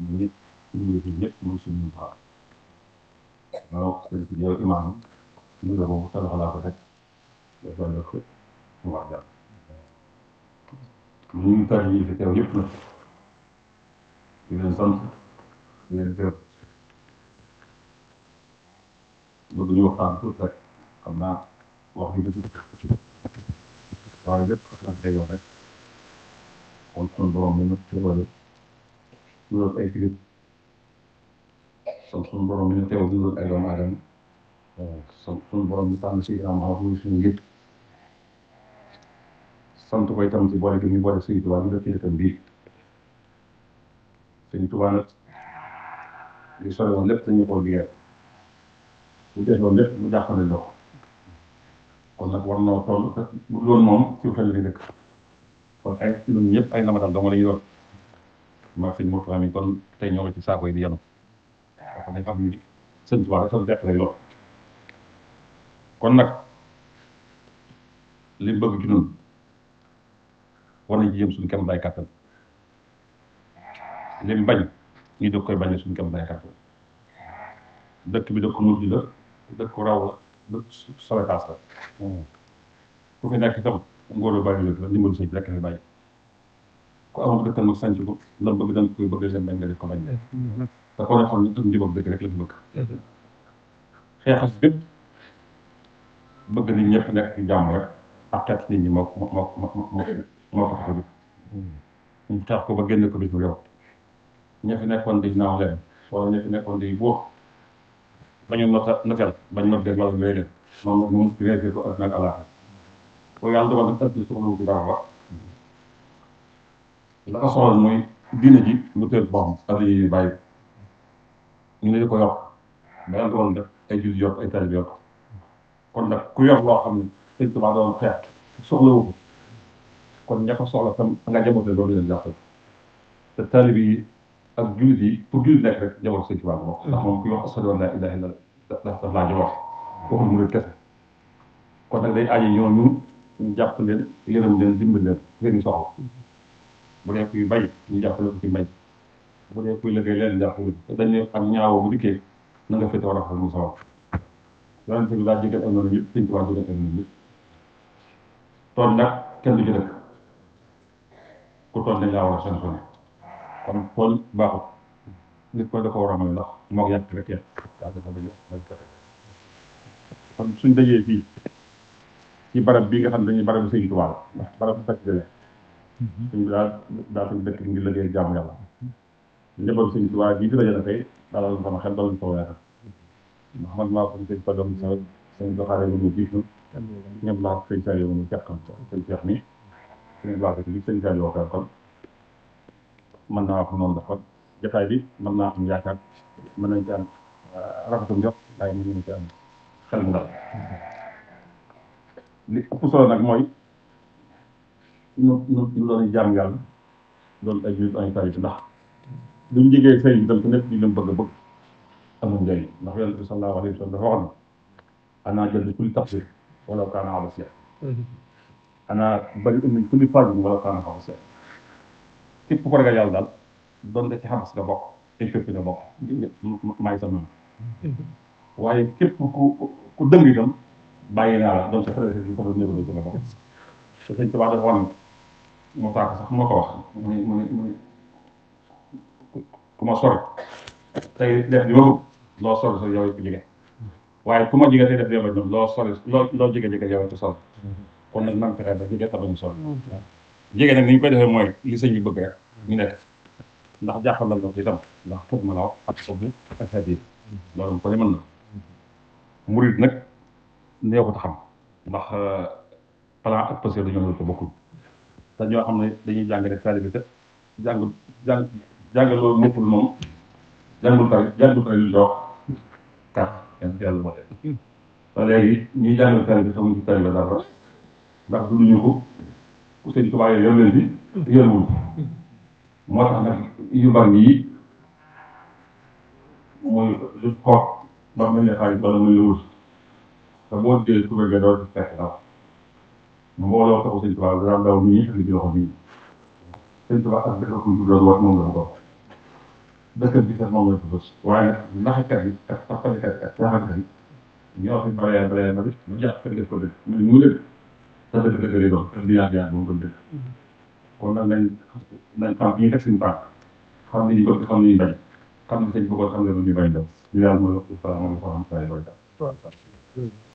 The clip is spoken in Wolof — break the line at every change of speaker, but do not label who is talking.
ñun ñëpp suñu yëfi ñëpp mooy suñu baax donc yow imaam ñu la ko tabax laa ko rek dafa def mu wax dara ñun tar yi fi teew yëpp nag di leen sant di leen gërëm bëgg ñu waxtaan tuuti rek xam naa wax bi dëgg waaye lépp xam naa tey yow rek kon suñu borom mi nag ci wàllu ñu doon ay figure sant suñu borom mi ñu teew dundal ay doomu aadama sant suñu borom mi tànn si am xam muy suñu ngir sant ko itam ci boole gi ñu boole Sëriñ Tuubaa ñu def ci dëkkam bii Sëriñ Tuubaa nag li sore woon lépp dañu koo liggéeyal bu def loolu lépp mu jàppale ko kon nag war noo toll te bu loolu moom ci xel li dëkk kon ay ñun ñëpp ay lamatal dong la ñu doon maa sëñ Mourtada mi kon tey ñoo ci saako yi di yanu dafa ne xam ni sëñ dafa def rek lool kon nag li mu bëgg ci noonu war nañ kem day kàttan li bañ ñu dëkk koy bañee suñ kem day kàttan dëkk bi dëkk mujj la dëkk raw la dëkk sowetaas la ku nekk itam ngóor lu bàyyi la ndimbal sëñ bi rek fi bàyyi ku amoon xëttal mu sànc ko la bëgg danga koy bëgg leen dañ nga def ko bañ te ko nekk ci moo moo ko xabi ñu tax ko ba génn ko bis bu yow ña nekkoon di naaw leen wala nekkoon di buux bañu nota notel bañ not dee wala lay leen moom moom réeré ko ak nag alaaxa ko yàlla dogal nag ëpp soxla wu dara wax la ko muy mooy diine ji lu teel boppam xale yi bàyyi ñu ne ko yokk bayan ko doon def ay jur yokk ay tari yokk kon nag ku yor loo xam ne sëñ Tuubaa doon xeex soxla wu kon ña ko soxla tam nga jabote loolu leen jàppal te taalibe yi ak jullit yi pour jullit nekk rek jabol sëñ Tuubaa bokk ndax ku wax ashadu an illa llaah daf laa jabol mu kese kon nag day aji ñoo ñu jàpp leen yërëm leen dimbal leen bu nekk yu bay ñu jàppale ko ci mbay bu dee kuy liggéey leen jàppale te dañuy xam ñaawoo bu dikkee na nga fete war mu sawar yonent bi daa ak noonu yëpp sëñ Tuubaa digal kenn du ci dëkk ku tool ko dafa war a mooy suñ dajee fii bii nga xam ne dañuy barab sëñ Tuubaa la ndax barab bu fekk Mm-hmm. suñ bi daa daa suñ dëkk ngir liggéey jaamu yàlla njëbal suñ ci waa jii fi dajale tey dalal sama mm-hmm. ko sëñ fa doom sa sëñ doxaare seex mi suñ naa ko mën naa am yaakaar nañ ci am euh, rafetum jot xel mu dal mm-hmm. li nag mooy ci nu nu ci loolu jaam yàlla loolu ay jur ay fay ndax luñ jegee fay bi dal ko nekk di lu mu bëgg a bëgg amul njëriñ ndax yonent bi sallallahu alayhi wa sallam dafa wax na ana jël kulli taqsir wala kaana abasiya ana bari umin kulli fajin wala kaana abasiya képp ku ragal yàlla daal donte ci xamas nga bokk éthiopie nga bokk maay sa noonu waaye képp ku ku dëng itam bàyyi naa la donte xëy na ko doon néew la ci nga bokk te sëñ Tuubaa dafa wax moo tax sax moo ko wax ku ma sori tey def di wëru loo sori sori yow ko waaye ku ma jege tey def di wëru loo sori loo loo jege jege yow ko sori kon nag man fexe ba jege tax bañu sori ni ñu koy mooy li sëñ bi bëgg rek ñu nekk ndax jàppal loo ci itam ndax foog ma la wax ak sob bi ak xeet loolu ko ne mën na murit nag neexut a xam ndax euh, plan ak passé dañoo ko bokkul te ñoo xam ne dañuy jàng rek taalibe kat jàng jàng jàngaloo nekkul moom jàngul pare jàngul pare lu dox tax kenn yàlla moo leen te léegi ñuy jàngal taalibe xamuñ ci taalibe dara ndax duñu ko ku sëñ Tuubaa yor leen bi yorwul moo tax nag yu mag yi muy lu xoog ba mel ne xaalis wala muy wut te boo dee su bëggee doo fekk dara mbooloo taxu sëñ Tuubaa daan daw nii yëkkati di loxo nii bi sax moom la ko waaye nag naxkat yi ak tappalekat ak caaxankat yi ñoo fi baree baree ba bis ñu jàpp def ko dëkk mu mu dëkk sa dëkk dëkk lay doon di yaat yaat moom kon dëkk ni ni ñu bañ xam ne sëñ bëggoon xam ne lu ñu bañ daw ñu